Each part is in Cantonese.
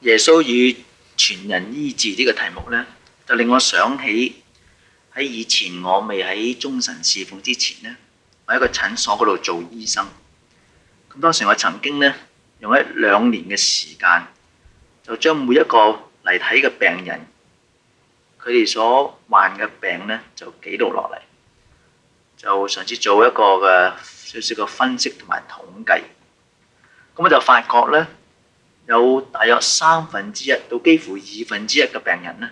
耶穌與全人醫治呢個題目呢，就令我想起喺以前我未喺中神侍奉之前呢，喺一個診所嗰度做醫生。咁當時我曾經呢，用一兩年嘅時間，就將每一個嚟睇嘅病人，佢哋所患嘅病呢，就記錄落嚟，就嘗試做一個嘅少少嘅分析同埋統計。咁我就發覺呢，有大約三分之一到幾乎二分之一嘅病人咧，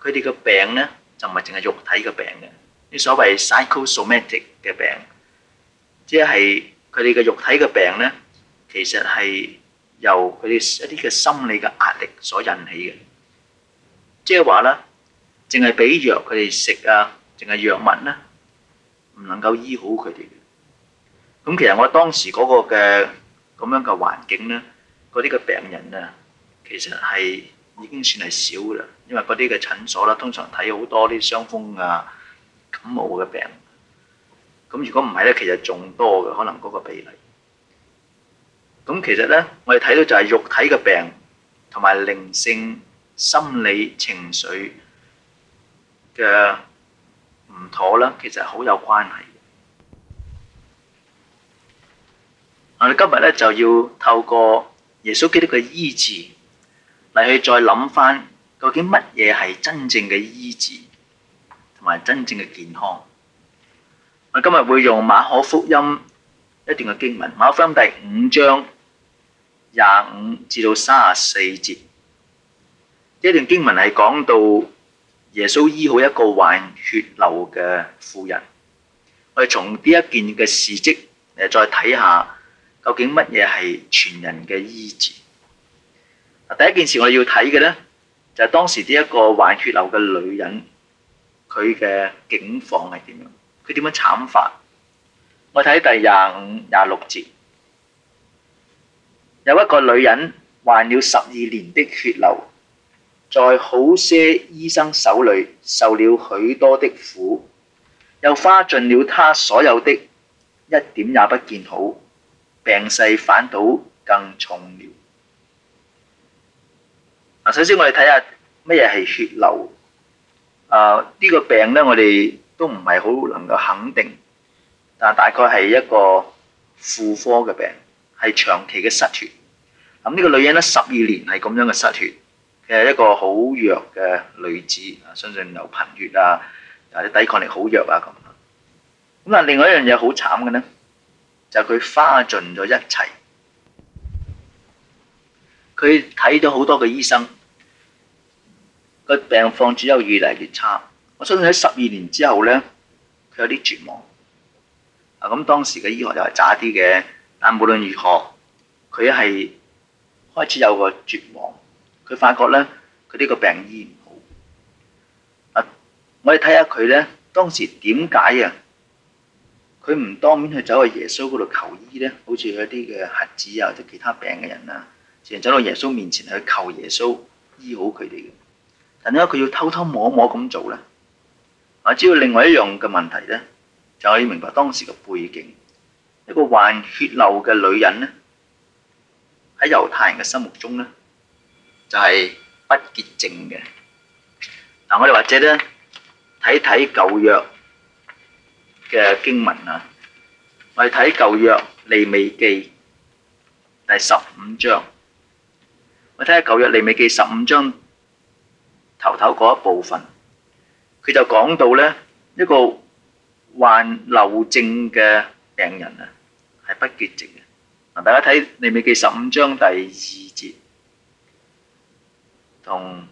佢哋嘅病咧就唔係淨係肉體嘅病嘅，啲所謂 psychosomatic 嘅病，即係佢哋嘅肉體嘅病咧，其實係由佢哋一啲嘅心理嘅壓力所引起嘅，即係話咧，淨係俾藥佢哋食啊，淨係藥物咧，唔能夠醫好佢哋嘅。咁其實我當時嗰個嘅咁樣嘅環境咧。嗰啲嘅病人啊，其實係已經算係少啦，因為嗰啲嘅診所啦，通常睇好多啲傷風啊、感冒嘅病。咁如果唔係咧，其實仲多嘅，可能嗰個比例。咁其實咧，我哋睇到就係肉體嘅病，同埋靈性、心理、情緒嘅唔妥啦，其實好有關係嘅，我哋今日咧就要透過.耶穌基督嘅醫治嚟去再諗翻，究竟乜嘢係真正嘅醫治同埋真正嘅健康？我今日會用馬可福音一段嘅經文，馬可福音第五章廿五至到卅四節，呢一段經文係講到耶穌醫好一個患血漏嘅婦人。我哋從呢一件嘅事蹟嚟再睇下。究竟乜嘢係全人嘅醫治？第一件事我要睇嘅呢，就係、是、當時呢一個患血漏嘅女人，佢嘅境況係點樣？佢點樣慘法？我睇第廿五、廿六節，有一個女人患了十二年的血漏，在好些醫生手裏受了許多的苦，又花盡了她所有的，一點也不見好。病勢反倒更重了。嗱，首先我哋睇下乜嘢係血流。啊，呢、這個病咧，我哋都唔係好能夠肯定，但大概係一個婦科嘅病，係長期嘅失血。咁、啊、呢、這個女人咧，十二年係咁樣嘅失血，佢係一個好弱嘅女子，啊、相信有貧血啊，啊啲抵抗力好弱啊咁。咁但、啊、另外一樣嘢好慘嘅呢。就佢花盡咗一切，佢睇到好多嘅醫生，個 病況只有越嚟越差。我相信喺十二年之後呢，佢有啲絕望。啊，咁當時嘅醫學又係渣啲嘅，但無論如何，佢係開始有個絕望。佢發覺呢，佢呢個病醫唔好。啊，我哋睇下佢呢，當時點解啊？佢唔當面去走去耶穌嗰度求醫咧，好似有啲嘅核子啊或者其他病嘅人啊，成日走到耶穌面前去求耶穌醫好佢哋嘅。但點解佢要偷偷摸摸咁做咧？我知道另外一樣嘅問題咧，就可以明白當時嘅背景。一個患血漏嘅女人咧，喺猶太人嘅心目中咧，就係不潔淨嘅。嗱，我哋或者咧睇睇舊約。嘅經文啊，我哋睇舊約利未記第十五章，我睇下舊約利未記十五章頭頭嗰一部分，佢就講到呢一個患漏症嘅病人啊，係不潔淨嘅。嗱，大家睇利未記十五章第二節，同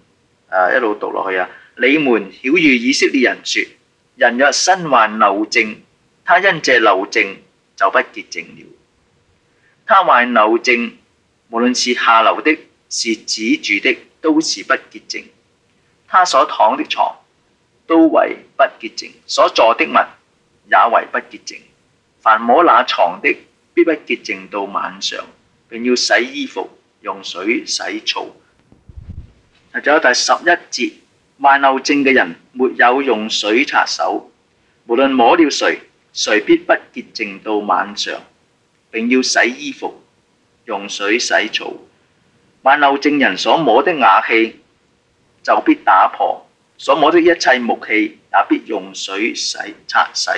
啊一路讀落去啊，你們曉喻以色列人説。人若身患漏症，他因這漏症就不潔淨了。他患漏症，無論是下流的，是止住的，都是不潔淨。他所躺的床都為不潔淨，所坐的物也為不潔淨。凡摸那床的，必不潔淨到晚上，並要洗衣服，用水洗澡。啊，仲有第十一節。患漏症嘅人沒有用水擦手，無論摸了誰，誰必不潔淨到晚上。並要洗衣服，用水洗澡。患漏症人所摸的瓦器就必打破，所摸的一切木器也必用水洗擦洗。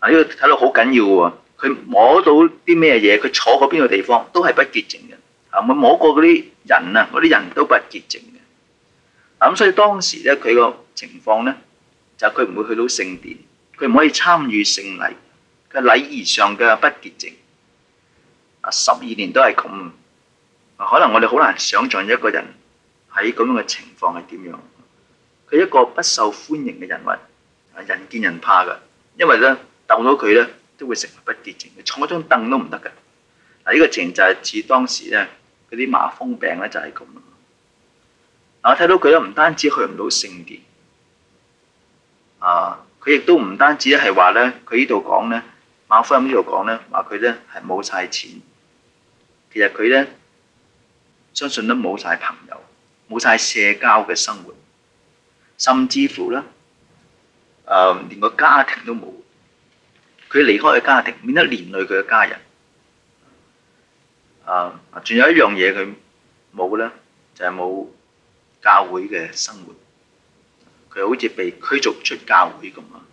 啊，呢個睇到好緊要喎！佢摸到啲咩嘢？佢坐過邊個地方都係不潔淨嘅。啊，佢摸過嗰啲人啊，嗰啲人都不潔淨。咁所以當時咧，佢個情況咧，就佢、是、唔會去到聖殿，佢唔可以參與聖禮，佢禮儀上嘅不潔淨。啊，十二年都係咁。可能我哋好難想象一個人喺咁樣嘅情況係點樣。佢一個不受歡迎嘅人物，啊，人見人怕㗎。因為咧，逗到佢咧，都會成為不潔淨，坐張凳都唔得㗎。嗱，呢個情形就係似當時咧，嗰啲麻風病咧就係咁。我睇到佢都唔單止去唔到聖殿，啊！佢亦都唔單止咧係話咧，佢呢度講咧，馬可福音呢度講咧，話佢咧係冇晒錢。其實佢咧相信都冇晒朋友，冇晒社交嘅生活，甚至乎咧，誒、呃、連個家庭都冇。佢離開嘅家庭，免得連累佢嘅家人。啊，仲有一樣嘢佢冇咧，就係冇教會嘅生活，佢好似被驅逐出教會咁啊！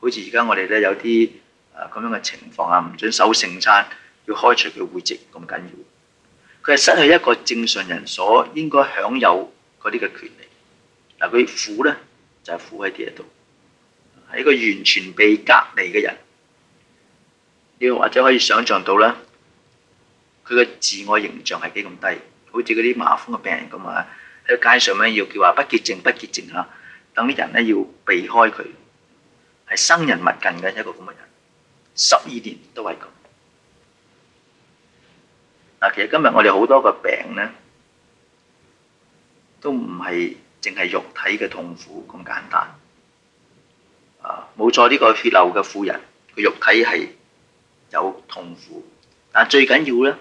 好似而家我哋咧有啲啊咁樣嘅情況啊，唔准守聖餐，要開除佢會籍咁緊要。佢係失去一個正常人所應該享有嗰啲嘅權利。嗱，佢苦呢，就係苦喺啲度，係一個完全被隔離嘅人。你或者可以想象到啦，佢嘅自我形象係幾咁低，好似嗰啲麻風嘅病人咁啊！喺街上咧，要叫話不潔淨，不潔淨啦。等啲人咧要避開佢，係生人勿近嘅一個咁嘅人。十二年都係咁。嗱，其實今日我哋好多個病咧，都唔係淨係肉體嘅痛苦咁簡單。啊，冇錯，呢個血流嘅婦人，佢肉體係有痛苦，但最緊要咧，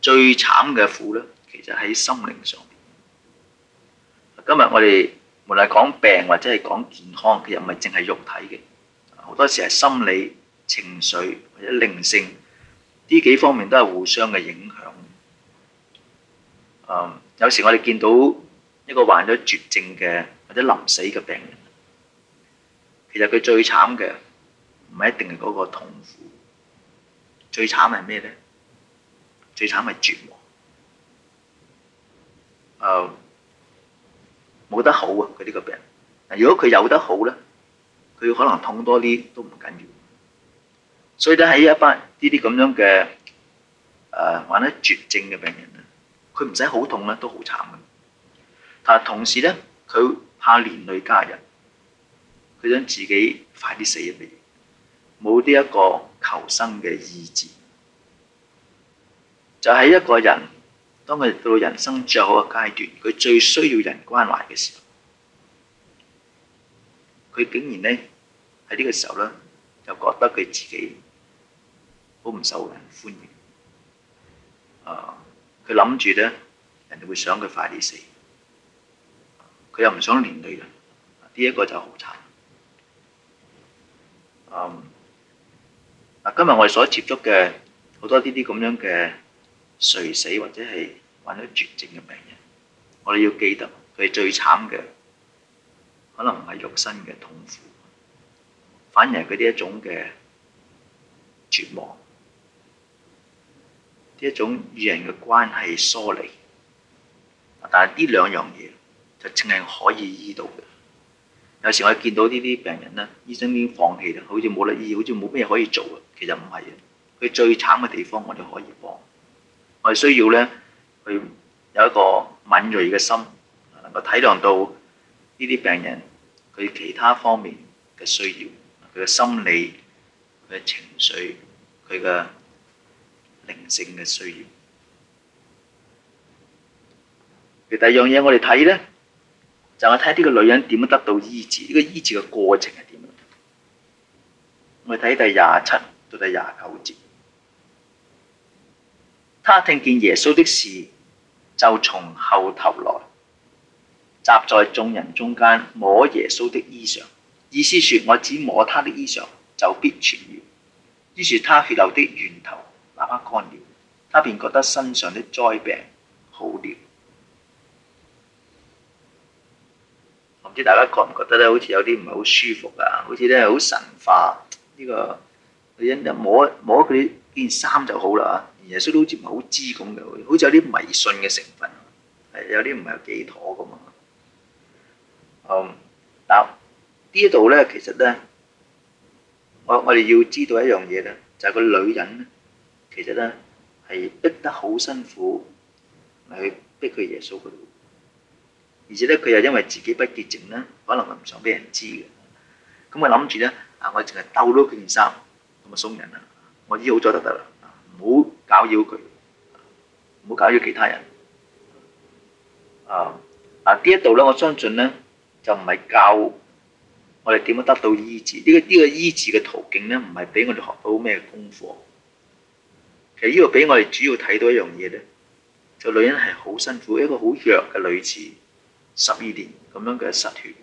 最慘嘅苦咧，其實喺心靈上。今日我哋無論係講病或者係講健康，其實唔係淨係肉體嘅，好多時係心理、情緒或者靈性，呢幾方面都係互相嘅影響。嗯，有時我哋見到一個患咗絕症嘅或者臨死嘅病人，其實佢最慘嘅唔係一定係嗰個痛苦，最慘係咩呢？最慘係絕望。嗯冇得好啊！佢呢個病，嗱，如果佢有得好咧，佢可能痛多啲都唔緊要。所以咧，喺一班呢啲咁樣嘅誒患得絕症嘅病人咧，佢唔使好痛咧都好慘嘅，啊。但係同時咧，佢怕連累家人，佢想自己快啲死入嚟，冇啲一個求生嘅意志，就係、是、一個人。當佢到人生最後嘅階段，佢最需要人關懷嘅時候，佢竟然呢喺呢個時候咧，就覺得佢自己好唔受人歡迎。啊、呃，佢諗住咧，人哋會想佢快啲死，佢又唔想連累人，呢、這、一個就好慘。嗯，嗱，今日我哋所接觸嘅好多呢啲咁樣嘅垂死或者係～患咗絕症嘅病人，我哋要記得佢係最慘嘅，可能唔係肉身嘅痛苦，反而係佢呢一種嘅絕望，呢一種與人嘅關係疏離。但係呢兩樣嘢就淨係可以醫到嘅。有時我見到呢啲病人呢，醫生已經放棄啦，好似冇得醫，好似冇咩可以做啊。其實唔係嘅，佢最慘嘅地方我，我哋可以幫。我哋需要咧。佢有一個敏鋭嘅心，能夠體諒到呢啲病人佢其他方面嘅需要，佢嘅心理，佢嘅情緒，佢嘅靈性嘅需要。佢第二樣嘢，我哋睇咧，就係睇呢個女人點樣得到醫治，呢個醫治嘅過程係點樣？我哋睇第廿七到第廿九節，他聽見耶穌的事，就從後頭來，集在眾人中間摸耶穌的衣裳，意思説我只摸他的衣裳就必痊癒。於是他血流的源頭哪怕乾了，他便覺得身上的災病好了。唔 知大家覺唔覺得咧？好似有啲唔係好舒服啊，好似咧好神化呢、這個女人，因得摸摸佢。件衫就好啦嚇，而耶穌都好似唔係好知咁嘅，好似有啲迷信嘅成分，係有啲唔係幾妥咁啊。嗯，嗱，呢度咧其實咧，我我哋要知道一樣嘢咧，就係、是、個女人咧，其實咧係逼得好辛苦嚟逼佢耶穌度，而且咧佢又因為自己不潔淨咧，可能佢唔想俾人知嘅，咁我諗住咧啊，我淨係兜到佢件衫，咁啊鬆人啦。我醫好咗就得啦，唔好搞擾佢，唔好搞擾其他人。啊，嗱呢一度咧，我相信呢，就唔係教我哋點樣得到醫治。呢、呢個呢、呢個醫治嘅途徑呢，唔係俾我哋學到咩功課。其實呢個俾我哋主要睇到一樣嘢呢，就女人係好辛苦，一個好弱嘅女子，十二年咁樣嘅失血，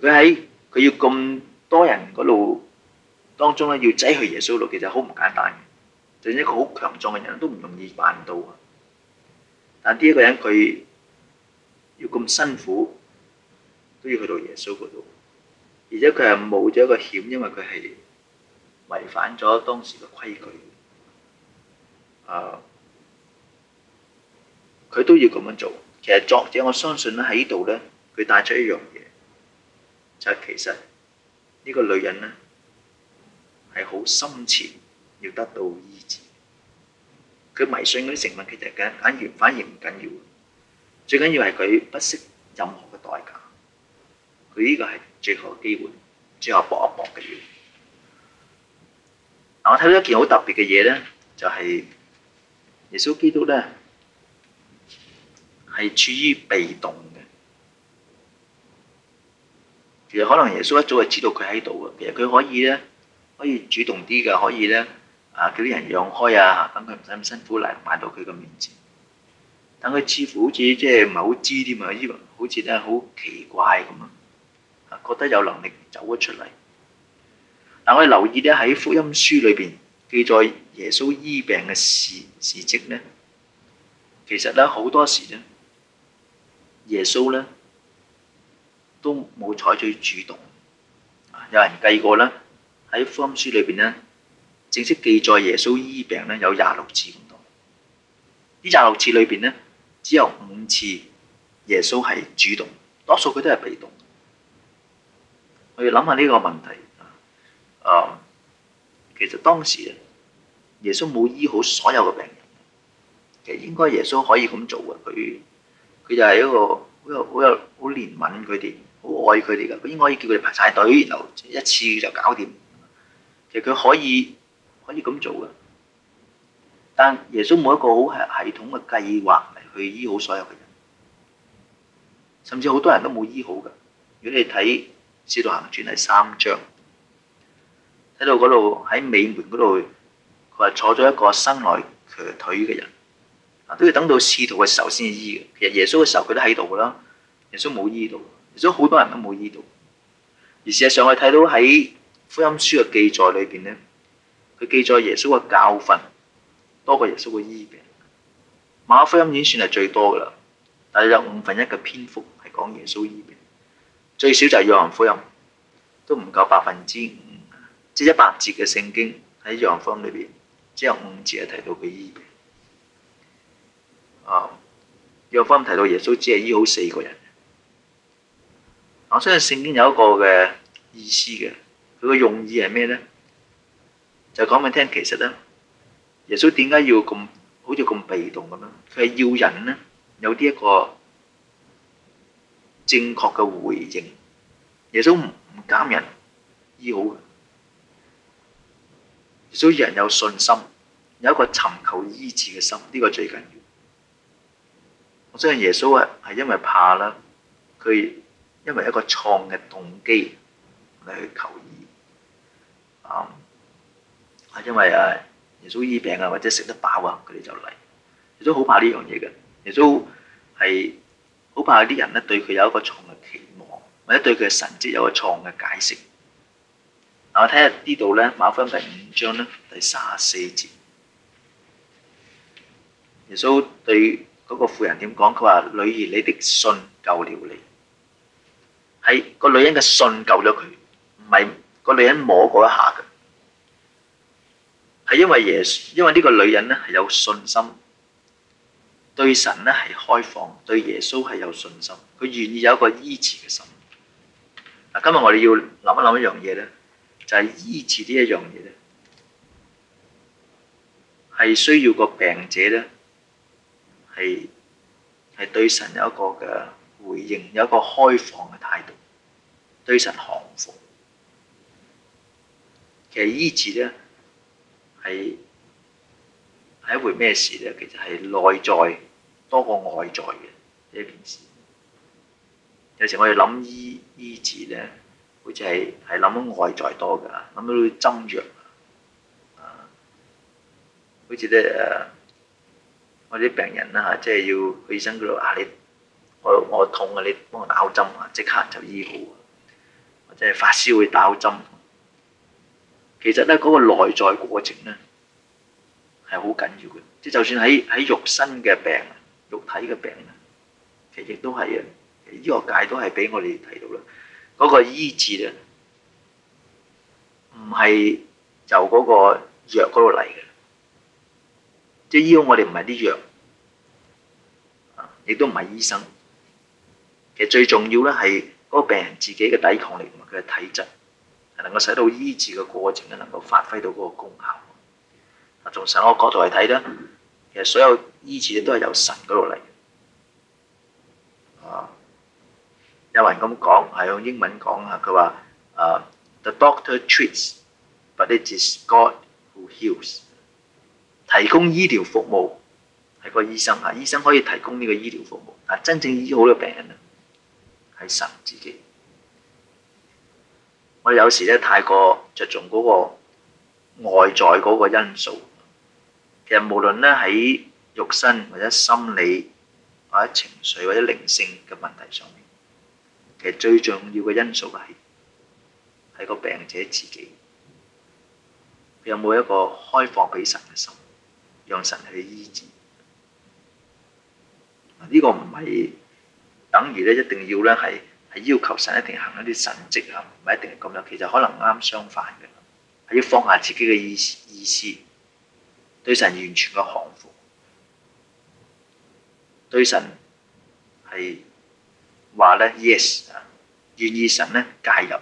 佢喺佢要咁多人嗰度。當中咧要擠去耶穌度，其實好唔簡單嘅。就算係一個好強壯嘅人都唔容易辦到啊！但呢一個人佢要咁辛苦都要去到耶穌嗰度，而且佢係冒咗一個險，因為佢係違反咗當時嘅規矩。啊，佢都要咁樣做。其實作者我相信咧喺呢度咧，佢帶出一樣嘢，就係其實呢個女人咧。係好深切要得到醫治，佢迷信嗰啲成分，其實緊緊要，反而唔緊要。最緊要係佢不惜任何嘅代價，佢呢個係最後嘅機會，最後搏一搏嘅嘢。我睇到一件好特別嘅嘢咧，就係耶穌基督咧係處於被動嘅。其實可能耶穌一早就知道佢喺度嘅，其實佢可以咧。可以主動啲嘅，可以呢啊，叫啲人讓開啊，等佢唔使咁辛苦嚟埋到佢嘅面前，等佢似乎好似即係唔係好知添啊，好似咧好奇怪咁啊，覺得有能力走得出嚟。但、啊、我哋留意呢，喺福音書裏邊記載耶穌醫病嘅事事蹟咧，其實呢，好多時呢，耶穌呢都冇採取主動。啊、有人計過啦。喺福音書裏邊咧，正式記載耶穌醫病咧有廿六次咁多。呢廿六次裏邊咧，只有五次耶穌係主動，多數佢都係被動。我要諗下呢個問題啊！誒、嗯，其實當時耶穌冇醫好所有嘅病人，其實應該耶穌可以咁做嘅。佢佢就係一個好有好有好憐憫佢哋，好愛佢哋嘅。佢應該可以叫佢哋排晒隊，然後一次就搞掂。佢可以可以咁做噶，但耶穌冇一個好係系統嘅計劃嚟去醫好所有嘅人，甚至好多人都冇醫好噶。如果你睇《使徒行傳》係三章，睇到嗰度喺美門嗰度，佢話坐咗一個生來瘸腿嘅人，啊都要等到使徒嘅時候先醫嘅。其實耶穌嘅時候佢都喺度噶啦，耶穌冇醫到，耶穌好多人都冇醫到，而事實上我哋睇到喺。福音書嘅記載裏邊呢，佢記載耶穌嘅教訓多過耶穌嘅醫病。馬可福音已經算係最多噶啦但係有五分一嘅篇幅係講耶穌醫病。最少就係約翰福音，都唔夠百分之五，即一百節嘅聖經喺約翰福音裏邊，只有五節係提到佢醫病。啊、哦，約翰福音提到耶穌只係醫好四個人。我相信聖經有一個嘅意思嘅。佢個用意係咩咧？就講俾你聽，其實咧，耶穌點解要咁好似咁被動咁咧？佢係要人咧有啲一個正確嘅回應。耶穌唔唔監人醫好，耶穌要人有信心，有一個尋求醫治嘅心，呢、這個最緊要。我相信耶穌係係因為怕啦，佢因為一個創嘅動機嚟去求醫。啊，因為誒，耶穌醫病啊，或者食得飽啊，佢哋就嚟。耶穌好怕呢樣嘢嘅，耶穌係好怕啲人咧對佢有一個錯嘅期望，或者對佢嘅神蹟有個錯嘅解釋。嗱，我睇下呢度呢，馬可福音第五章，呢第三十四節，耶穌對嗰個婦人點講？佢話：女兒，你的信救了你。係個女人嘅信救咗佢，唔係。個女人摸過一下嘅，係因為耶穌，因為呢個女人咧係有信心，對神咧係開放，對耶穌係有信心，佢願意有一個醫治嘅心。嗱，今日我哋要諗一諗一樣嘢呢就係、是、醫治呢一樣嘢呢係需要個病者呢係係對神有一個嘅回應，有一個開放嘅態度，對神降服。其實醫治呢，係係一回咩事呢？其實係內在多過外在嘅一件事。有時我哋諗醫醫治呢，好似係係諗到外在多噶諗到針藥啊，好似咧誒，我啲病人啦、啊、即係要去醫生嗰度話你我我痛啊，你幫我打針啊，即刻就醫好，或者係發燒會打針。其實咧，嗰個內在過程咧係好緊要嘅，即係就算喺喺肉身嘅病啊、肉體嘅病啊，其實亦都係啊，醫學界都係俾我哋提到啦。嗰個醫治咧唔係就嗰個藥嗰度嚟嘅，即係醫我哋唔係啲藥啊，亦都唔係醫生。其實最重要咧係嗰個病人自己嘅抵抗力同埋佢嘅體質。能夠使到醫治嘅過程咧，能夠發揮到嗰個功效。啊，從上嘅角度嚟睇咧，其實所有醫治都係由神嗰度嚟。啊，有人咁講，係用英文講啊，佢話：啊，The doctor treats，but it is God who heals。提供醫療服務係個醫生啊，醫生可以提供呢個醫療服務，但真正醫好嘅病人咧係神自己。我有時咧太過着重嗰個外在嗰個因素，其實無論咧喺肉身或者心理或者情緒或者靈性嘅問題上面，其實最重要嘅因素係喺個病者自己，佢有冇一個開放俾神嘅心，讓神去醫治。呢個唔係等於咧一定要咧係。要求神一定行一啲神蹟啊，唔係一定係咁樣，其實可能啱相反嘅。係要放下自己嘅意思意思，對神完全嘅降服，對神係話咧 Yes 啊，願意神咧介入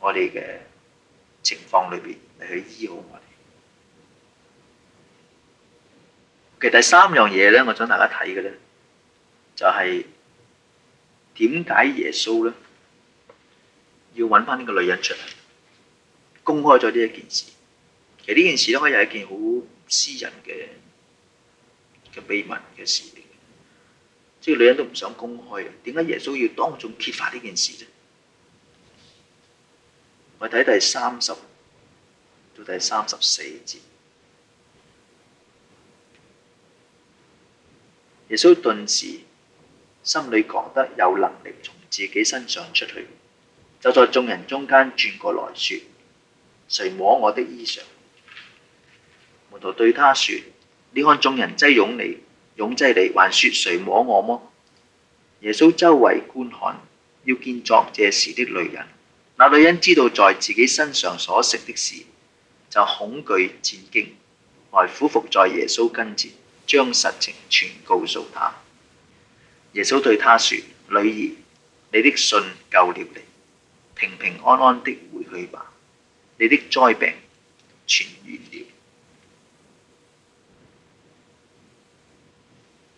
我哋嘅情況裏邊，你去醫好我哋。其實第三樣嘢咧，我想大家睇嘅咧，就係。點解耶穌咧要揾翻呢個女人出嚟，公開咗呢一件事？其實呢件事咧可以係一件好私人嘅嘅秘密嘅事嚟嘅，即係女人都唔想公開嘅。點解耶穌要當眾揭發呢件事咧？我睇第三十到第三十四節，耶穌頓時。心裏覺得有能力從自己身上出去，就在眾人中間轉過來說：誰摸我的衣裳？門徒對他說：你看眾人擠擁你，擁擠你，還說誰摸我麼？耶穌周圍觀看，要見作這事的女人。那女人知道在自己身上所食的事，就恐懼戰驚，來俯伏在耶穌跟前，將實情全告訴他。耶穌對他說：女兒，你的信救了你，平平安安的回去吧。你的災病全完了。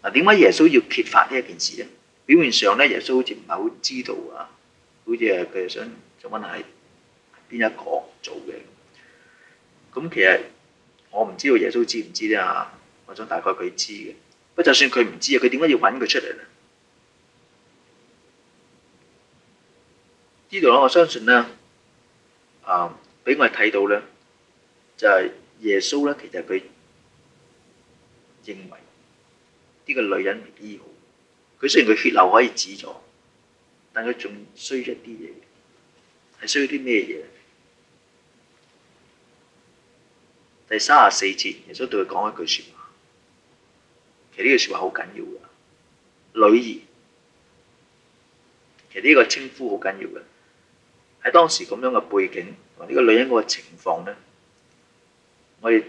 嗱，點解耶穌要揭發呢一件事咧？表面上咧，耶穌好似唔係好知道啊，好似係佢想想問下係邊一個做嘅。咁其實我唔知道耶穌知唔知啊？我想大概佢知嘅。不過就算佢唔知啊？佢點解要揾佢出嚟呢？呢度咧，我相信咧，啊，俾我哋睇到咧，就係耶穌咧，其實佢認為呢個女人未醫好，佢雖然佢血流可以止咗，但佢仲需要一啲嘢，係需要啲咩嘢？第三十四節，耶穌對佢講一句說話，其實呢句說話好緊要㗎，女兒，其實呢個稱呼好緊要㗎。喺當時咁樣嘅背景，同、這、呢個女人嗰個情況呢，我哋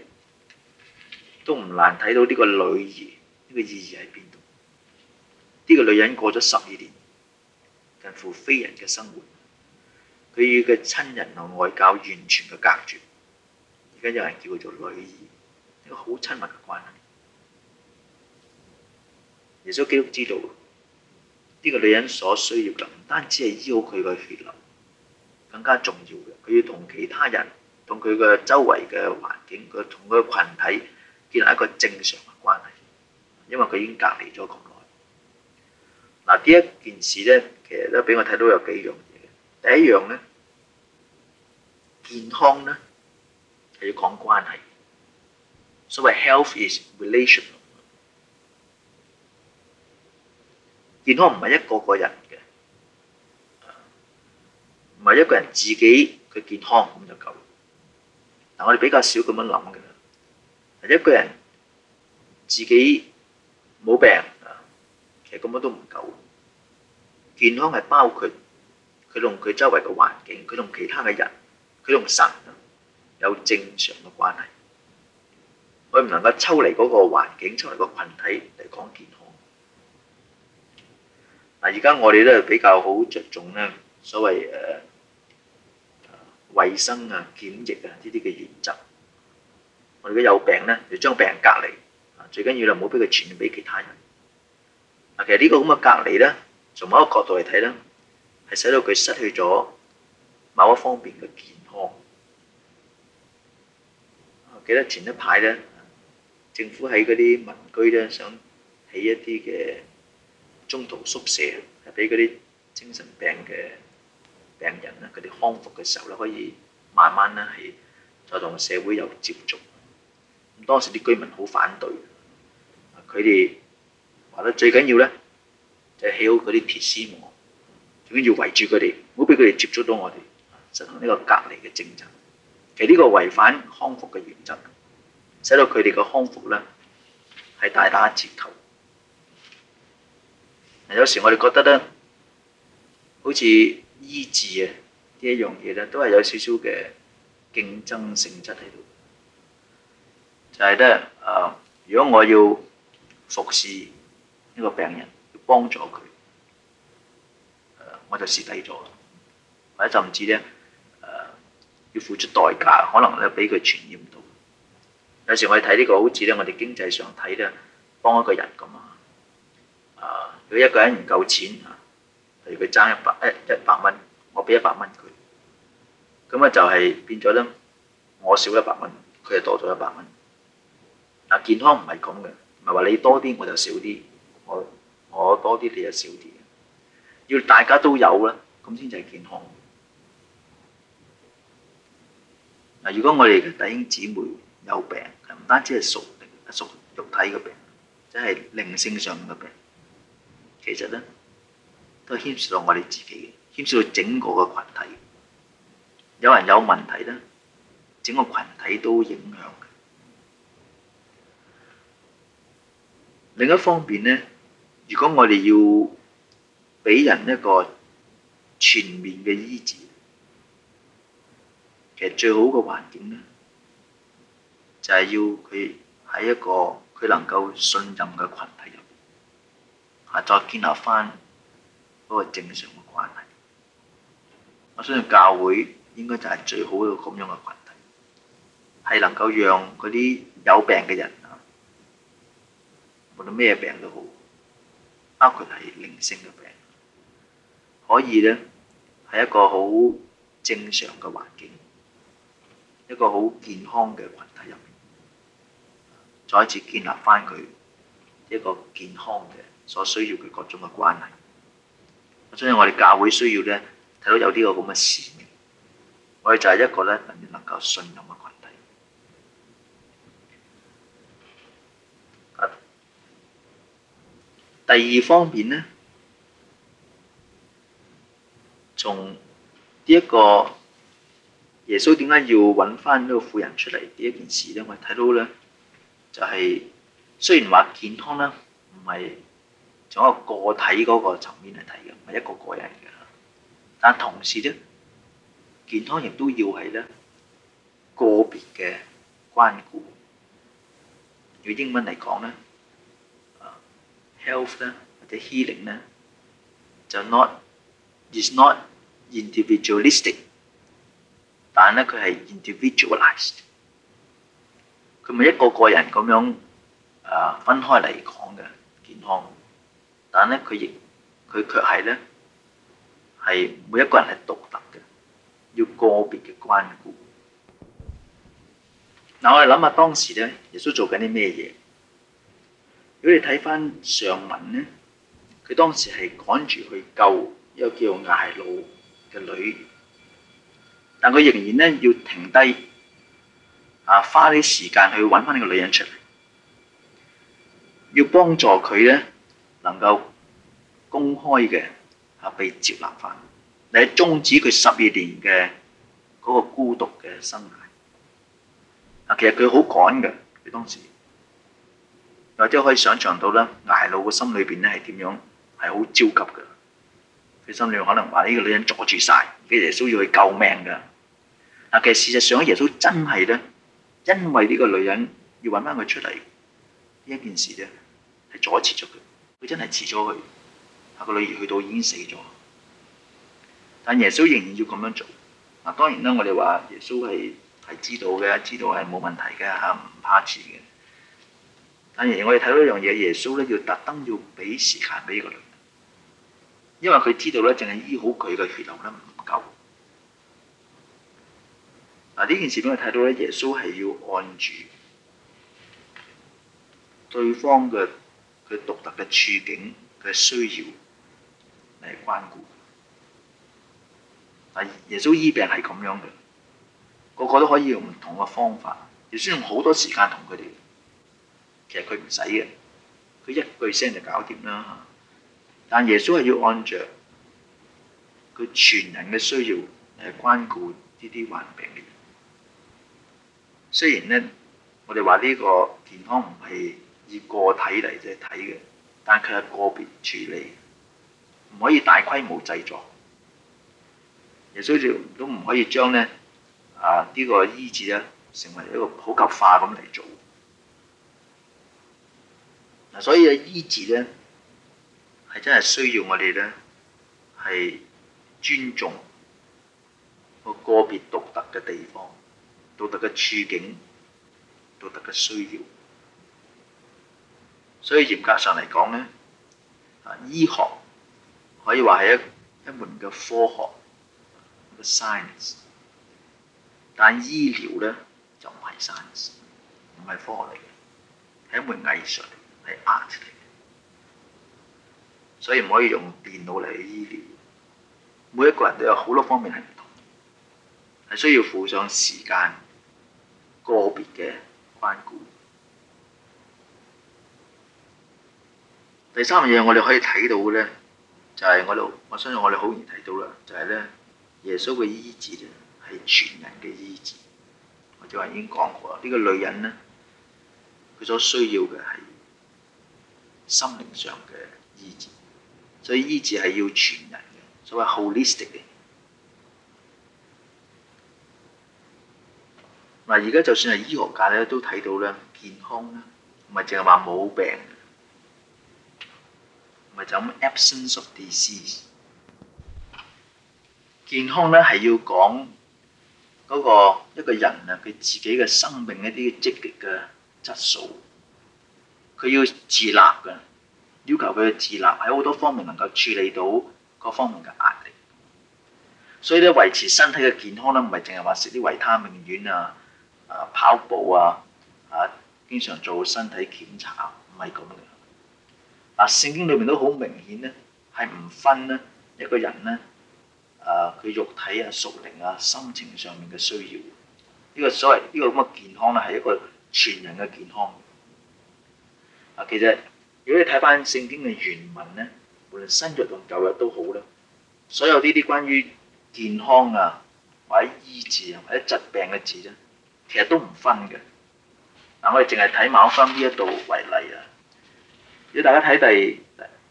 都唔難睇到呢個女兒呢、這個意義喺邊度？呢、這個女人過咗十二年近乎非人嘅生活，佢與佢親人同外教完全嘅隔絕。而家有人叫佢做女兒，一個好親密嘅關係。耶穌基督知道呢、這個女人所需要嘅唔單止係醫好佢嘅血流。更加重要嘅，佢要同其他人，同佢嘅周圍嘅環境，佢同佢嘅羣體建立一個正常嘅關係。因為佢已經隔離咗咁耐。嗱，呢一件事咧，其實都俾我睇到有幾樣嘢。第一樣咧，健康咧係要講關係。所謂 health is relational，健康唔係一個個人。唔係一個人自己佢健康咁就夠，但係我哋比較少咁樣諗嘅。嗱，一個人自己冇病啊，其實根本都唔夠。健康係包括佢同佢周圍嘅環境，佢同其他嘅人，佢同神有正常嘅關係。我哋唔能夠抽離嗰個環境、抽離個羣體嚟講健康。嗱，而家我哋都係比較好着重咧，所謂誒。衛生啊、檢疫啊呢啲嘅原則，我哋如果有病咧，就將病人隔離，啊，最緊要就唔好俾佢傳染俾其他人。啊，其實呢個咁嘅隔離咧，從某一個角度嚟睇咧，係使到佢失去咗某一方面嘅健康。我記得前一排咧，政府喺嗰啲民居咧，想起一啲嘅中途宿舍，係俾嗰啲精神病嘅。病人咧，佢哋康復嘅時候咧，可以慢慢咧係再同社會有接觸。咁當時啲居民好反對，佢哋話咧，最緊要咧就係起好嗰啲鐵絲網，最緊要圍住佢哋，唔好俾佢哋接觸到我哋，實行呢個隔離嘅政策。其實呢個違反康復嘅原則，使到佢哋嘅康復咧係大打折扣。有時我哋覺得咧，好似～醫治嘅、啊、呢一樣嘢咧，都係有少少嘅競爭性質喺度。就係、是、咧，啊、呃，如果我要服侍呢個病人，要幫助佢、呃，我就蝕底咗，或者甚至咧，誒、呃，要付出代價，可能咧俾佢傳染到。有時我哋睇、這個、呢個好似咧，我哋經濟上睇咧，幫一個人咁啊、呃，如果一個人唔夠錢。例如佢爭一百一、哎、一百蚊，我俾一百蚊佢，咁啊就係變咗咧，我少一百蚊，佢就多咗一百蚊。嗱，健康唔係咁嘅，唔係話你多啲我就少啲，我我多啲你就少啲，要大家都有啦，咁先至係健康。嗱，如果我哋弟兄姊妹有病，唔單止係屬靈屬肉體嘅病，即係靈性上嘅病，其實咧，都牽涉到我哋自己嘅，牽涉到整個嘅群體。有人有問題咧，整個群體都影響。另一方面呢，如果我哋要俾人一個全面嘅醫治，其實最好嘅環境呢，就係要佢喺一個佢能夠信任嘅群體入邊，啊，再建立翻。嗰個正常嘅關係，我相信教會應該就係最好嘅咁樣嘅群體，係能夠讓嗰啲有病嘅人啊，無論咩病都好，包括係靈性嘅病，可以呢喺一個好正常嘅環境，一個好健康嘅群體入面，再一次建立翻佢一個健康嘅所需要嘅各種嘅關係。所以我哋教會需要咧，睇到有呢，這個咁嘅事，我哋就係一個咧能夠信任嘅群體啊。第二方面呢，從呢一個耶穌點解要揾翻呢個婦人出嚟呢一件事咧，我哋睇到咧，就係、是、雖然話健康啦，唔係。仲有個體嗰個層面嚟睇嘅，唔係一個個人嘅。但同時咧，健康亦都要係咧個別嘅關顧。用英文嚟講咧，health 咧或者 healing 咧就 not is not individualistic，但咧，佢係 individualized，佢咪一個個人咁樣啊分開嚟講嘅健康。但咧，佢亦佢卻係咧，係每一個人係獨特嘅，要個別嘅關顧。嗱，我哋諗下當時咧，耶穌做緊啲咩嘢？如果你睇翻上文咧，佢當時係趕住去救一個叫艾魯嘅女，但佢仍然咧要停低啊，花啲時間去揾翻呢個女人出嚟，要幫助佢咧。能夠公開嘅啊，被接納翻，你係終止佢十二年嘅嗰個孤獨嘅生涯。啊，其實佢好趕㗎，佢當時，或者可以想象到咧，睚魯嘅心裏邊咧係點樣，係好焦急㗎。佢心裏可能話：呢、這個女人阻住晒，曬，耶穌要去救命㗎。啊，其實事實上，耶穌真係咧，因為呢個女人要揾翻佢出嚟呢一件事咧，係阻止咗佢。佢真係遲咗去，啊、那個女兒去到已經死咗，但耶穌仍然要咁樣做。嗱，當然啦，我哋話耶穌係係知道嘅，知道係冇問題嘅，吓唔怕遲嘅。但仍然，我哋睇到一樣嘢，耶穌咧要特登要俾時間俾個女，因為佢知道咧，淨係醫好佢嘅血流咧唔夠。嗱，呢件事俾我睇到咧，耶穌係要按住對方嘅。獨特嘅處境嘅需要嚟關顧，但耶穌醫病係咁樣嘅，個個都可以用唔同嘅方法。亦都用好多時間同佢哋，其實佢唔使嘅，佢一句聲就搞掂啦。但耶穌係要按着佢全人嘅需要嚟關顧呢啲患病嘅人。雖然咧，我哋話呢個健康唔係。以個體嚟啫睇嘅，但係佢係個別處理，唔可以大規模製作，亦所以都唔可以將咧啊呢、這個醫治咧成為一個普及化咁嚟做。嗱，所以嘅醫治咧係真係需要我哋咧係尊重個個別獨特嘅地方、獨特嘅處境、獨特嘅需要。所以嚴格上嚟講咧，啊醫學可以話係一一門嘅科學，個 science，但醫療咧就唔係 science，唔係科學嚟嘅，係一門藝術，係 art 嚟嘅。所以唔可以用電腦嚟醫療。每一個人都有好多方面係唔同，係需要付上時間個別嘅關顧。第三樣嘢，我哋可以睇到嘅咧，就係我哋我相信我哋好容易睇到啦，就係咧耶穌嘅醫治啊，係全人嘅醫治。我啱先已經講過啦，呢個女人咧，佢所需要嘅係心靈上嘅醫治，所以醫治係要全人嘅，所謂 holistic 嘅。嗱，而家就算係醫學界咧，都睇到咧，健康啦，唔係淨係話冇病。咪就咁 absence of disease，健康呢，係要講嗰個一個人啊，佢自己嘅生命一啲積極嘅質素，佢要自立嘅，要求佢自立，喺好多方面能夠處理到各方面嘅壓力，所以咧，維持身體嘅健康呢，唔係淨係話食啲維他命丸啊，啊跑步啊，啊經常做身體檢查，唔係咁嘅。嗱，聖經裏面都好明顯咧，係唔分咧一個人咧，啊佢肉體啊、屬靈啊、心情上面嘅需要，呢個所謂呢個咁嘅健康啊，係一個全人嘅健康。啊，其實如果你睇翻聖經嘅原文咧，無論新約同舊約都好啦，所有呢啲關於健康啊或者醫治啊或者疾病嘅字咧，其實都唔分嘅。嗱，我哋淨係睇馬可福音呢一度為例啊。你大家睇第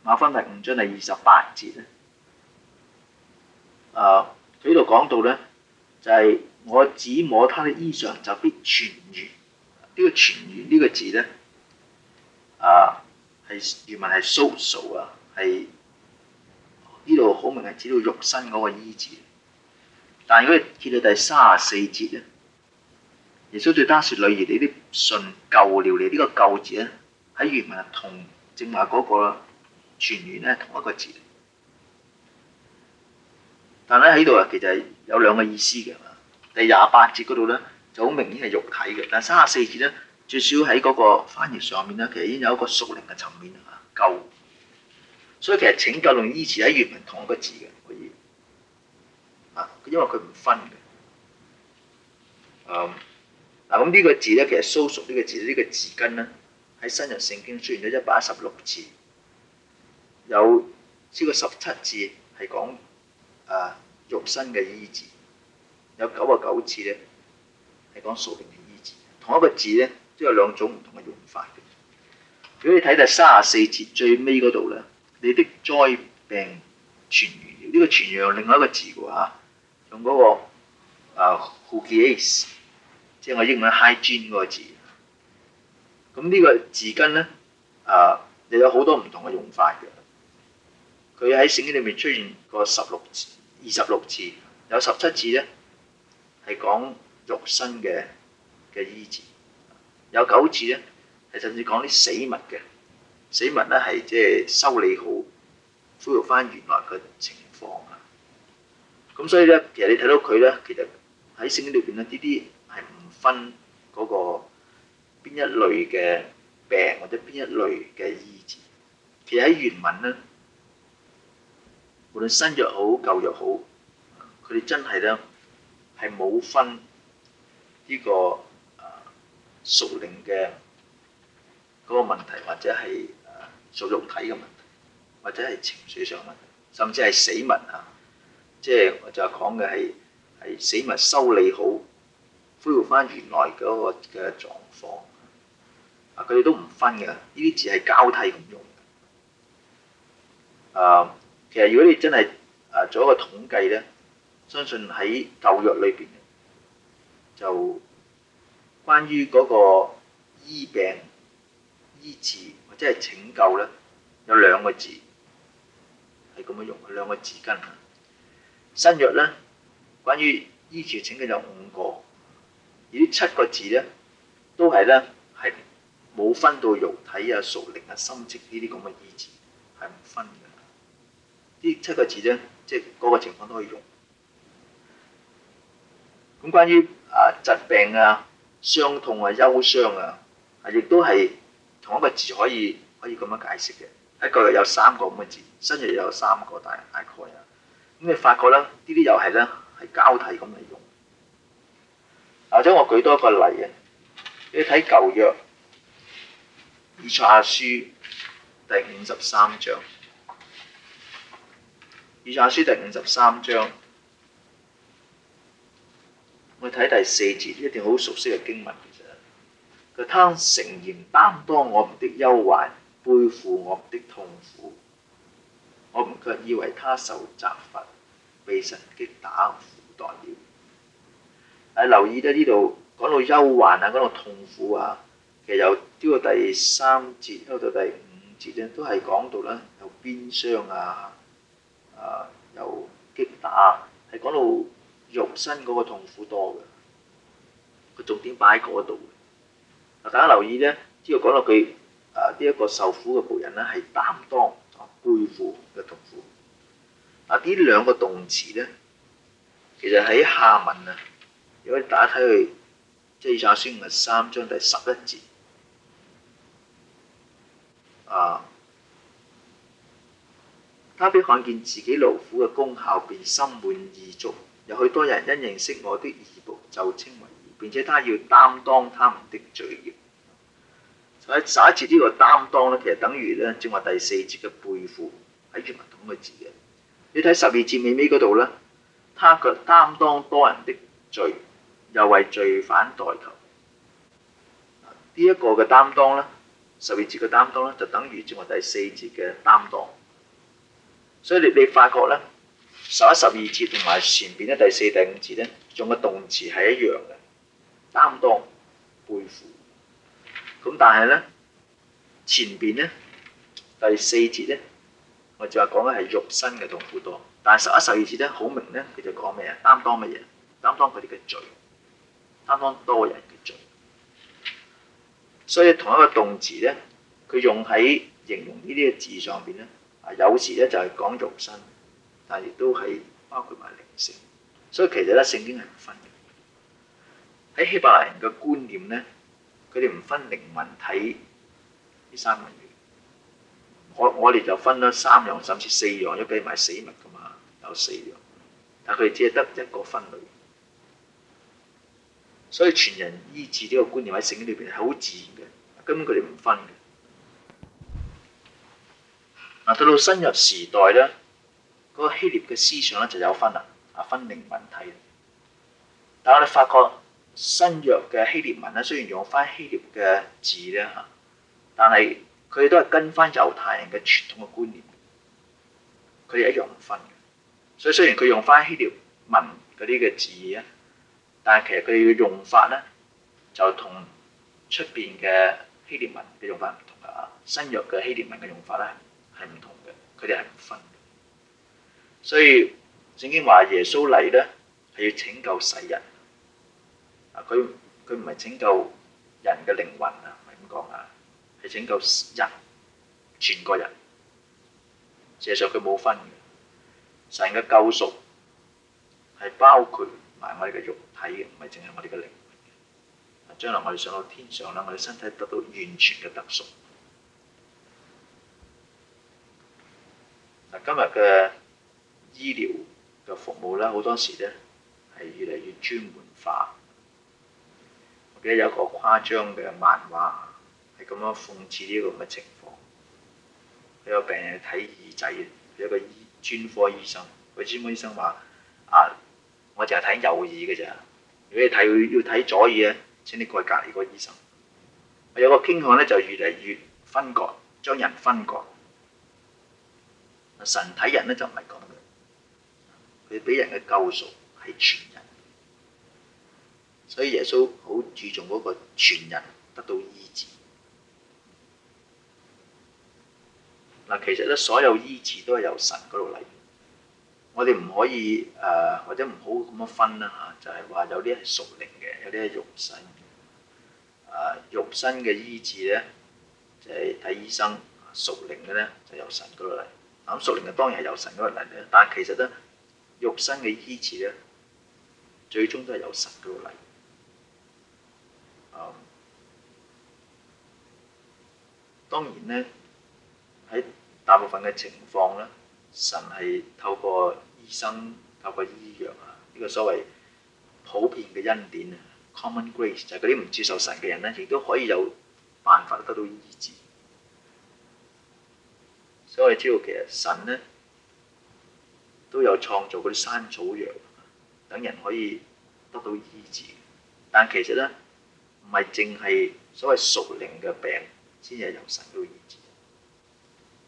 馬分第五章第二十八節咧，啊喺呢度講到咧，就係、是、我只摸他嘅衣裳就必痊愈。呢、這個痊愈呢個字咧，啊係原文係 sozo 啊，係呢度好明顯指到肉身嗰個醫字。但係如果見到第三十四節咧，耶穌對他説：女兒，你啲信救了你。呢個救字咧，喺原文同。正話嗰、嗰個啦，全語咧同一個字，但係咧喺度啊，其實係有兩個意思嘅。第廿八節嗰度咧就好明顯係肉體嘅，但三十四節咧最少喺嗰個翻譯上面咧，其實已經有一個屬靈嘅層面啊，救。所以其實拯救同醫治喺原文同一個字嘅，可以啊，因為佢唔分嘅。嗱，咁呢個字咧，其實收縮呢個字呢、呢個字根咧。喺新約聖經出現咗一百一十六次，有超過十七次係講誒肉身嘅醫治，有九啊九次咧係講屬靈嘅醫治。同一個字咧都有兩種唔同嘅用法嘅。如果你睇第三十四節最尾度咧，你的災病痊癒，呢、這個痊癒用另外一個字嘅話，用、那個誒啊 hugies 即係我英文 hygiene 嗰、那個、字。咁呢個字根咧，啊、呃，有好多唔同嘅用法嘅。佢喺聖經裏面出現過十六次、二十六次，有十七次咧係講肉身嘅嘅醫治，有九次咧係甚至講啲死物嘅，死物咧係即係修理好，恢復翻原來嘅情況。咁所以咧，其實你睇到佢咧，其實喺聖經裏邊呢啲啲係唔分嗰個。邊一類嘅病，或者邊一類嘅醫治？其實喺原文呢，無論新約好舊約好，佢哋真係咧係冇分呢、這個、啊、屬靈嘅嗰個問題，或者係屬肉體嘅問題，或者係情緒上問題，甚至係死物啊！即係我就講嘅係係死物修理好，恢復翻原來嗰個嘅狀況。佢哋都唔分嘅，呢啲字係交替咁用。誒、啊，其實如果你真係誒做一個統計咧，相信喺舊約裏邊就關於嗰個醫病醫治或者係拯救咧，有兩個字係咁樣用，兩個字根。新約咧，關於醫治拯救嘅有五個，而呢七個字咧都係咧。冇分到肉體啊、熟靈啊、心識呢啲咁嘅意志係唔分嘅。呢七個字咧，即係嗰個情況都可以用。咁關於啊疾病啊、傷痛啊、憂傷啊，啊亦都係同一個字可以可以咁樣解釋嘅。一個有三個咁嘅字，新約又有三個大大概啊。咁你發覺啦，呢啲又係咧係交替咁嚟用。或者我舉多一個例啊，你睇舊約。以賽亞書第五十三章，以賽亞書第五十三章，我睇第四節，一段好熟悉嘅經文其實。佢誠然擔當我們的憂患，背負我們的痛苦，我們卻以為他受責罰，被神擊打苦待了。誒、啊，留意得呢度講到憂患啊，講到痛苦啊。其實由呢個第三節開到第五節咧，都係講到咧有鞭傷啊，啊有擊打、啊，係講到肉身嗰個痛苦多嘅。個重點擺喺嗰度嗱，大家留意咧，只要講到佢啊呢一、個受苦嘅僕人咧，係擔當啊背負嘅痛苦。嗱、啊，呢兩個動詞咧，其實喺下文啊，如果大家睇佢即係賽書五十三章第十一節。啊，他必看見自己勞苦嘅功效，便心滿意足。有許多人因認識我的義僕，就稱為義，並且他要擔當他們的罪孽。喺、啊、十一節呢個擔當咧，其實等於呢，正話第四節嘅背負，喺原文同個字嘅。你睇十二節尾尾嗰度呢，他卻擔當多人的罪，又為罪犯代求。呢、啊、一、這個嘅擔當呢。十二節嘅擔當咧，就等於做埋第四節嘅擔當，所以你你發覺咧，十一十二節同埋前邊咧第四第五節咧，用嘅動詞係一樣嘅，擔當、背負，咁但係咧前邊咧第四節咧，我就話講緊係肉身嘅痛苦多，但係十一十二節咧好明咧，佢就講咩啊？擔當乜嘢？擔當佢哋嘅罪，擔當多人。所以同一個動詞咧，佢用喺形容呢啲字上邊咧，啊有時咧就係講肉身，但亦都係包括埋靈性。所以其實咧聖經係唔分嘅，喺希伯來人嘅觀念咧，佢哋唔分靈魂體呢三，三樣。我我哋就分咗三樣甚至四樣，因為畀埋死物㗎嘛，有四樣，但係佢哋只係得一個分類。所以全人醫治呢個觀念喺聖經裏邊係好自然嘅，根本佢哋唔分嘅。嗱、啊，到到新約時代咧，嗰、那個希臘嘅思想咧就有分啦，啊分靈魂體。但係我哋發覺新約嘅希臘文咧，雖然用翻希臘嘅字咧嚇，但係佢哋都係跟翻猶太人嘅傳統嘅觀念，佢哋一樣唔分嘅。所以雖然佢用翻希臘文嗰啲嘅字咧。但係其實佢哋嘅用法咧，就同出邊嘅希臘文嘅用法唔同啊！新約嘅希臘文嘅用法咧係唔同嘅，佢哋係唔分嘅。所以聖經話耶穌嚟咧係要拯救世人啊！佢佢唔係拯救人嘅靈魂啊，唔係咁講啊，係拯救人全個人，事實上佢冇分嘅。神嘅救贖係包括，係我哋嘅肉體，唔係淨係我哋嘅靈魂嘅。將來我哋上到天上啦，我哋身體得到完全嘅特殊。嗱，今日嘅醫療嘅服務啦，好多時咧係越嚟越專門化。我記得有一個誇張嘅漫畫，係咁樣諷刺呢個咁嘅情況。有個病人睇耳仔嘅，有個醫專科醫生，個專科醫生話：啊！我淨係睇右耳嘅咋，如果你睇要睇左耳咧，請你過去隔離個醫生。我有個傾向咧，就越嚟越分割，將人分割。神睇人咧就唔係咁嘅，佢俾人嘅救贖係全人，所以耶穌好注重嗰個全人得到醫治。嗱，其實咧所有醫治都係由神嗰度嚟。我哋唔可以誒、呃，或者唔好咁樣分啦嚇、啊，就係、是、話有啲係屬靈嘅，有啲係肉身嘅。誒、呃，肉身嘅醫治咧，就係、是、睇醫生；屬靈嘅咧，就由神嗰度嚟。咁屬靈嘅當然係由神嗰度嚟啦，但其實咧，肉身嘅醫治咧，最終都係由神嗰度嚟。啊、嗯，當然咧，喺大部分嘅情況咧。神係透過醫生、透過醫藥啊，呢個所謂普遍嘅恩典啊 （common grace），就係嗰啲唔接受神嘅人咧，亦都可以有辦法得到醫治。所以我哋知道其實神咧都有創造嗰啲山草藥，等人可以得到醫治。但其實咧，唔係淨係所謂屬靈嘅病先至由神去醫治，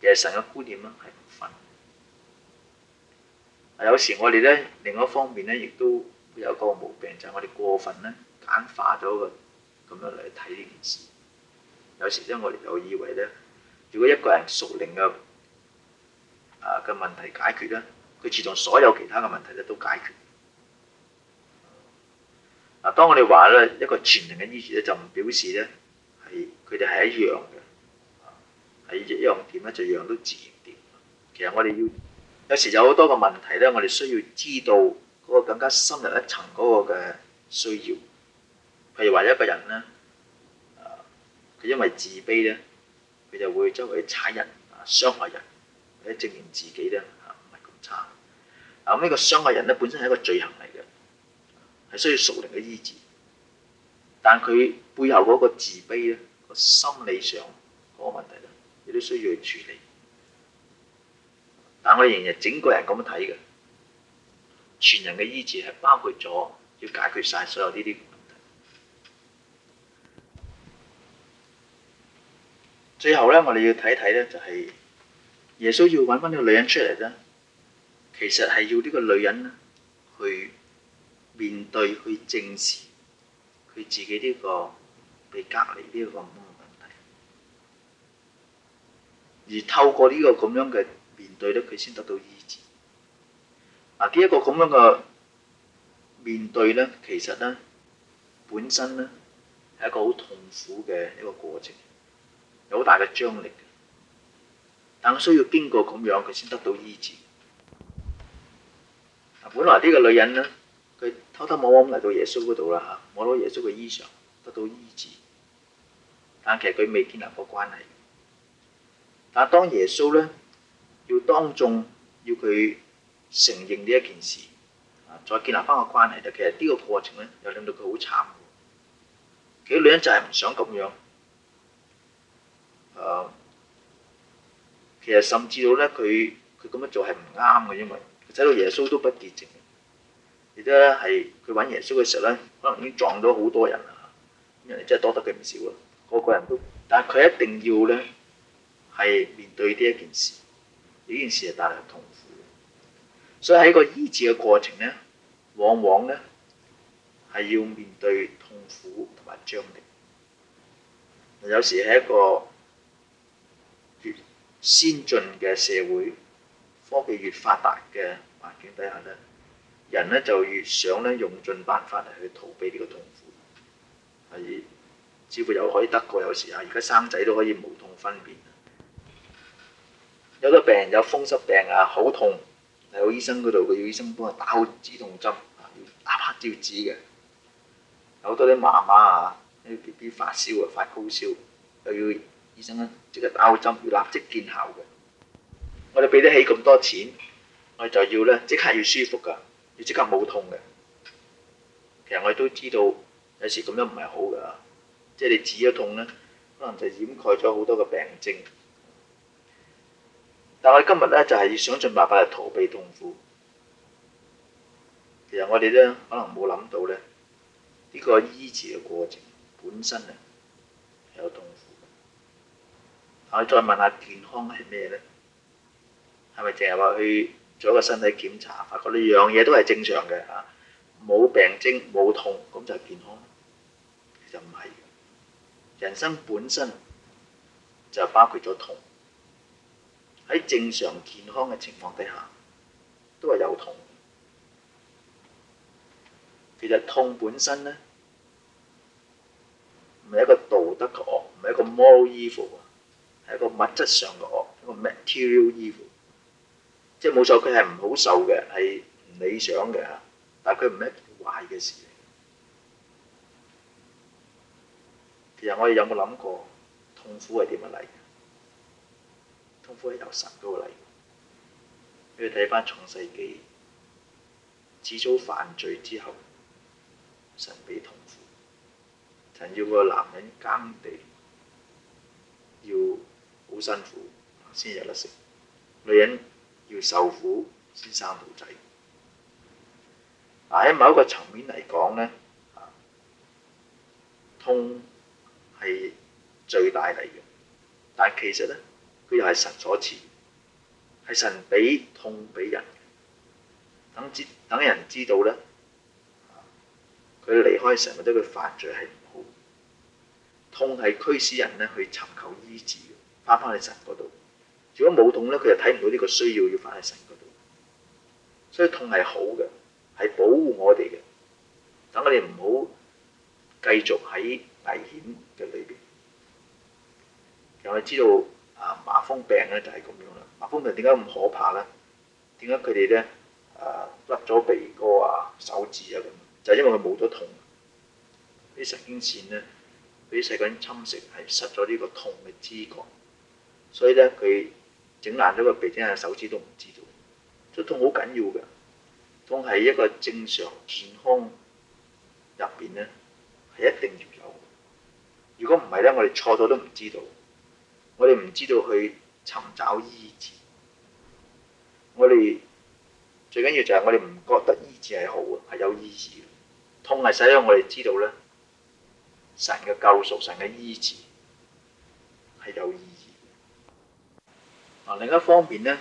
其實神嘅觀點啦。係。有時我哋咧，另一方面咧，亦都有個毛病，就係、是、我哋過分咧簡化咗個咁樣嚟睇呢件事。有時呢，我哋就以為咧，如果一個人屬靈嘅嘅問題解決咧，佢自動所有其他嘅問題咧都解決。嗱、啊，當我哋話咧一個全人嘅醫治咧，就唔表示咧係佢哋係一樣嘅，係、啊、一樣點咧，就一樣都自然點。其實我哋要。有時有好多個問題咧，我哋需要知道嗰個更加深入一層嗰個嘅需要。譬如話，一個人咧，佢因為自卑咧，佢就會周圍踩人啊，傷害人，或者證明自己咧，嚇唔係咁差。啊，咁呢個傷害人咧，本身係一個罪行嚟嘅，係需要屬靈嘅醫治。但佢背後嗰個自卑咧，個心理上嗰個問題咧，亦都需要去處理。但我仍然整個人咁樣睇嘅，全人嘅醫治係包括咗要解決晒所有呢啲問題。最後咧，我哋要睇睇咧，就係耶穌要搵返呢個女人出嚟啦。其實係要呢個女人去面對去正視佢自己呢個被隔離呢個咁嘅問題，而透過呢個咁樣嘅面對咧，佢先得到醫治。嗱，呢一個咁樣嘅面對咧，其實咧，本身咧係一個好痛苦嘅一個過程，有好大嘅張力。但係需要經過咁樣，佢先得到醫治。嗱，本來呢個女人咧，佢偷偷摸摸嚟到耶穌嗰度啦嚇，摸到耶穌嘅衣裳，得到醫治。但係其實佢未建立過關係。但係當耶穌咧，要當眾要佢承認呢一件事啊，再建立翻個關係。但其實呢個過程咧，又令到佢好慘。佢女人就係唔想咁樣啊、呃。其實甚至到咧，佢佢咁樣做係唔啱嘅，因為佢睇到耶穌都不潔淨。亦都咧係佢揾耶穌嘅時候咧，可能已經撞到好多人啦。咁人真係多得佢唔少啦，個個人都，但係佢一定要咧係面對呢一件事。呢件事係帶來痛苦，所以喺個醫治嘅過程呢，往往呢係要面對痛苦同埋張力。有時喺一個越先進嘅社會、科技越發達嘅環境底下，呢人呢，就越想呢，用盡辦法嚟去逃避呢個痛苦。係，似乎有可以得過，有時啊，而家生仔都可以無痛分娩。有啲病人有風濕病啊，好痛，嚟到醫生嗰度，佢要醫生幫佢打好止痛針，啊，即刻要止嘅。有好多啲媽媽啊，啲 BB 發燒啊，發高燒，又要醫生即刻打好針，要立即見效嘅。我哋俾得起咁多錢，我哋就要咧，即刻要舒服噶，要即刻冇痛嘅。其實我哋都知道，有時咁樣唔係好噶，啊，即係你止咗痛咧，可能就掩蓋咗好多嘅病症。但係今日咧，就係要想盡辦法嚟逃避痛苦。其實我哋咧可能冇諗到咧，呢個醫治嘅過程本身啊有痛苦。我再問下健康係咩咧？係咪淨係話去做一個身體檢查，發覺呢樣嘢都係正常嘅嚇，啊、冇病徵、冇痛，咁就係健康？其實唔係嘅。人生本身就包括咗痛。喺正常健康嘅情況底下，都係有痛。其實痛本身咧，唔係一個道德嘅惡，唔係一個毛衣服啊，係一個物質上嘅惡，一個 material 衣服。即係冇錯，佢係唔好受嘅，係唔理想嘅嚇。但係佢唔係壞嘅事。其實我哋有冇諗過痛苦係點樣嚟？痛苦係由神嗰度嚟，你睇返創世記，始終犯罪之後，神俾痛苦，神要個男人耕地，要好辛苦先有得食；女人要受苦先生到仔。但喺某一個層面嚟講咧，痛係最大嚟嘅，但其實咧。佢又係神所賜，係神俾痛俾人，等知等人知道咧，佢離開神嗰啲佢犯罪係唔好，痛，係驅使人咧去尋求醫治，翻翻去神嗰度。如果冇痛咧，佢就睇唔到呢個需要要翻去神嗰度。所以痛係好嘅，係保護我哋嘅，等我哋唔好繼續喺危險嘅裏邊，讓我知道。啊，麻風病咧就係咁樣啦。麻風病點解咁可怕咧？點解佢哋咧誒甩咗鼻哥啊、手指啊咁？就係、是、因為佢冇咗痛。啲神經線咧俾細菌侵蝕，係失咗呢個痛嘅知覺。所以咧佢整爛咗個鼻整啊、手指都唔知道。都痛好緊要嘅，痛係一個正常健康入面咧係一定要有。如果唔係咧，我哋錯咗都唔知道。我哋唔知道去尋找醫治，我哋最緊要就係我哋唔覺得醫治係好，係有意義。痛係使咗我哋知道咧，神嘅救贖、神嘅醫治係有意義。啊，另一方面咧，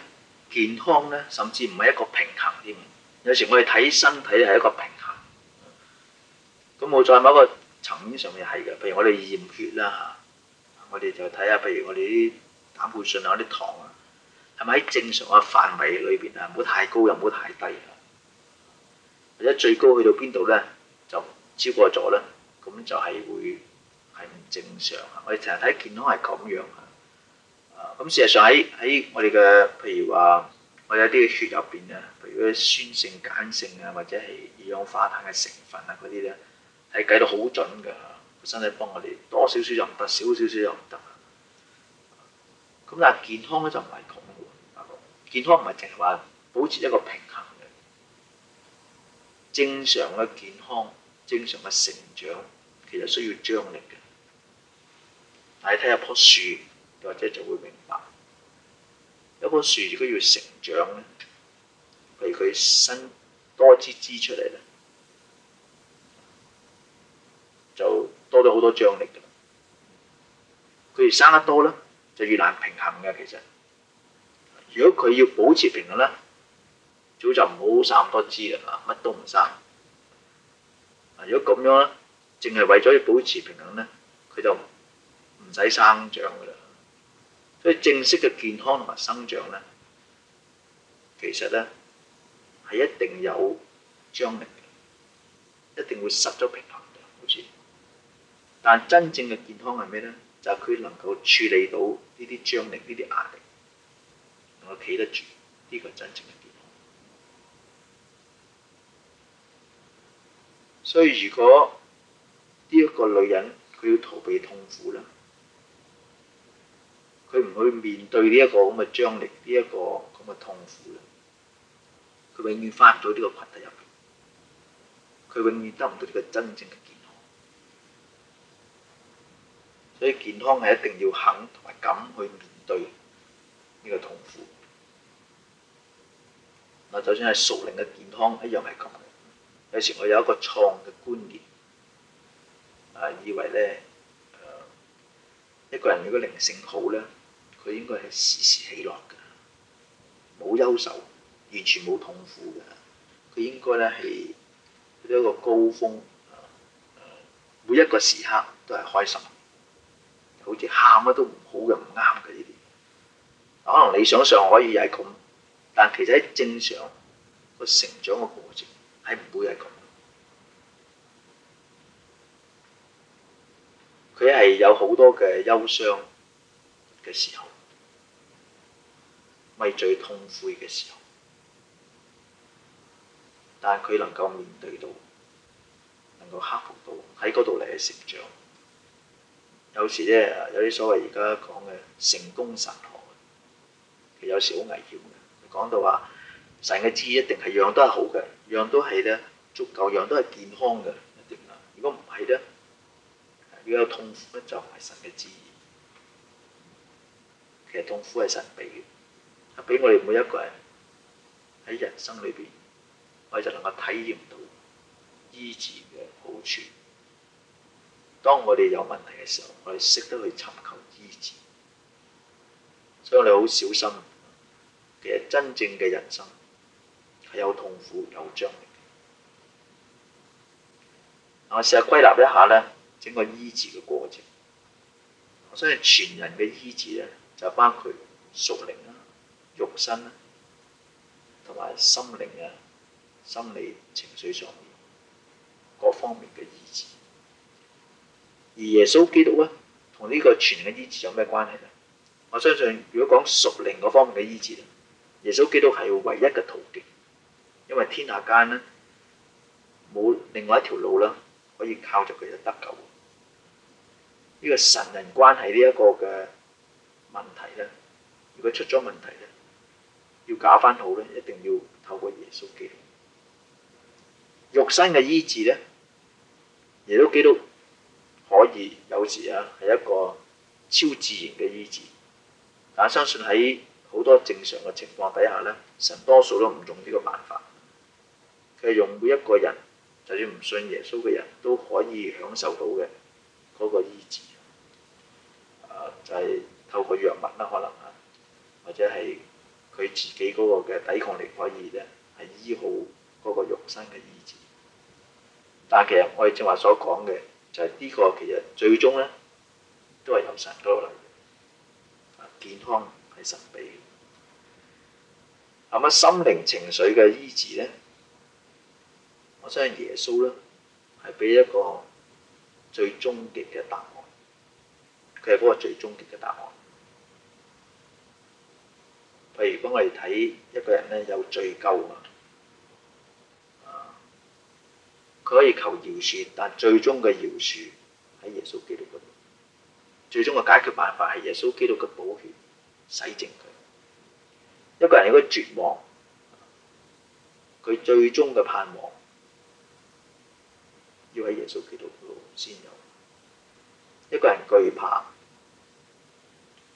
健康咧，甚至唔係一個平衡添。有時我哋睇身體係一個平衡，咁冇在某一個層面上面係嘅。譬如我哋驗血啦嚇。我哋就睇下，譬如我哋啲膽固醇啊、啲糖啊，係咪喺正常嘅範圍裏邊啊？唔好太高，又唔好太低。或者最高去到邊度咧，就超過咗咧，咁就係會係唔正常啊！我哋成日睇健康係咁樣啊。啊，咁事實上喺喺我哋嘅譬如話，我哋一啲嘅血入邊啊，譬如啲酸性、鹼性啊，或者係二氧化碳嘅成分啊嗰啲咧，係計到好準㗎。身體幫我哋多少少就唔得，少少少又唔得。咁但係健康咧就唔係咁嘅，大哥。健康唔係淨係話保持一個平衡嘅，正常嘅健康、正常嘅成長，其實需要張力嘅。但係睇下棵樹，或者就會明白，一棵樹如果要成長咧，譬如佢生多支枝枝出嚟咧，就。多咗好多張力嘅，佢越生得多咧，就越難平衡嘅。其實，如果佢要保持平衡咧，早就唔好生多枝啦，乜都唔生。如果咁樣咧，淨係為咗要保持平衡咧，佢就唔使生長嘅啦。所以正式嘅健康同埋生長咧，其實咧係一定有張力嘅，一定會失咗平衡。但真正嘅健康係咩咧？就係、是、佢能夠處理到呢啲張力、呢啲壓力，能夠企得住，呢、這個真正嘅健康。所以如果呢一個女人佢要逃避痛苦啦，佢唔去面對呢一個咁嘅張力、呢、這、一個咁嘅痛苦啦，佢永遠返唔到呢個群體入邊，佢永遠得唔到呢個真正嘅。所以健康係一定要肯同埋敢去面對呢個痛苦。嗱，就算係屬靈嘅健康一樣係咁。有時我有一個創嘅觀念，啊，以為呢，呃，一個人如果靈性好呢，佢應該係時時喜樂嘅，冇憂愁，完全冇痛苦嘅。佢應該呢係一個高峰，呃，每一個時刻都係開心。好似喊啊都唔好嘅，唔啱嘅呢啲。可能理想上可以又係咁，但其實喺正常個成長嘅過程，係唔會係咁。佢係有好多嘅憂傷嘅時候，咪最痛苦嘅時候。但佢能夠面對到，能夠克服到，喺嗰度嚟成長。有時咧，有啲所謂而家講嘅成功神學，其實有時好危險嘅。講到話神嘅旨意一定係樣都係好嘅，樣都係咧足夠，樣都係健康嘅一定啦。如果唔係咧，如果有痛苦咧就唔係神嘅旨意。其實痛苦係神俾嘅，俾我哋每一個人喺人生裏邊，我哋就能夠體驗到醫治嘅好處。當我哋有問題嘅時候，我哋識得去尋求醫治，所以你好小心。其實真正嘅人生係有痛苦、有張力嘅。我試下歸納一下咧，整個醫治嘅過程。我想係全人嘅醫治咧，就包括屬靈啦、肉身啦，同埋心靈啊、心理情緒上面各方面嘅醫治。而耶穌基督啊，同呢個全人嘅醫治有咩關係咧？我相信如果講屬靈嗰方面嘅醫治咧，耶穌基督係唯一嘅途徑，因為天下間咧冇另外一條路啦，可以靠著佢就得救。呢、呢個神人關係呢一個嘅問題咧，如果出咗問題咧，要搞翻好咧，一定要透過耶穌基督。肉身嘅醫治咧，耶穌基督。可以有時啊，係一個超自然嘅醫治，但相信喺好多正常嘅情況底下咧，神多數都唔用呢個辦法，佢用每一個人，就算唔信耶穌嘅人都可以享受到嘅嗰個醫治，就係透過藥物啦，可能啊，或者係佢自己嗰個嘅抵抗力可以咧，係醫好嗰個肉身嘅醫治，但其實我哋正話所講嘅。就係呢個其實最終咧，都係由神嗰度嚟嘅。健康係神秘嘅，咁啊心靈情緒嘅醫治咧，我相信耶穌咧係俾一個最終極嘅答案。佢係嗰個最終極嘅答案。譬如如果我哋睇一個人咧，有罪咎嘅。佢可以求饒恕，但最終嘅饒恕喺耶穌基督嗰度。最終嘅解決辦法係耶穌基督嘅寶血洗淨佢。一個人如果絕望，佢最終嘅盼望要喺耶穌基督嗰度先有。一個人懼怕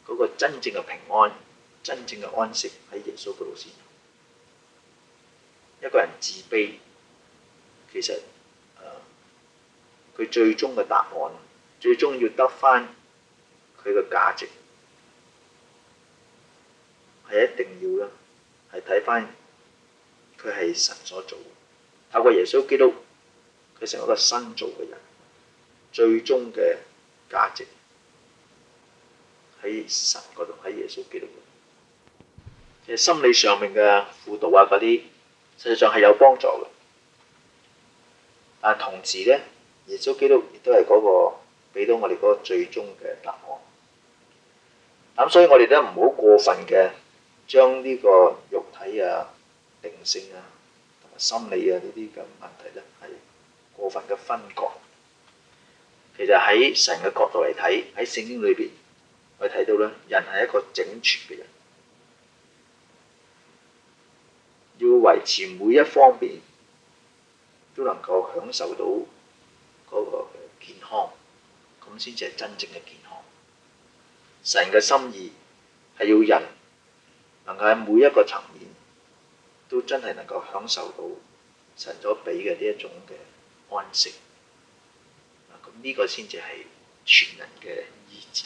嗰、那個真正嘅平安、真正嘅安息喺耶穌嗰度先有。一個人自卑，其實。佢最終嘅答案，最終要得翻佢嘅價值，係一定要啦。係睇翻佢係神所做，透過耶穌基督，佢成為一個新造嘅人。最終嘅價值喺神嗰度，喺耶穌基督。其實心理上面嘅輔導啊，嗰啲實際上係有幫助嘅，但係同時咧。耶穌基督亦都係嗰個俾到我哋嗰個最終嘅答案。咁、嗯、所以我，我哋都唔好過分嘅將呢個肉體啊、靈性啊、同埋心理啊呢啲咁問題咧，係過分嘅分割。其實喺神嘅角度嚟睇，喺聖經裏邊，我睇到咧，人係一個整全嘅人，要維持每一方面都能夠享受到。嗰個健康，咁先至係真正嘅健康。神嘅心意係要人能夠喺每一個層面都真係能夠享受到神所俾嘅呢一種嘅安息。嗱，咁呢個先至係全人嘅醫治。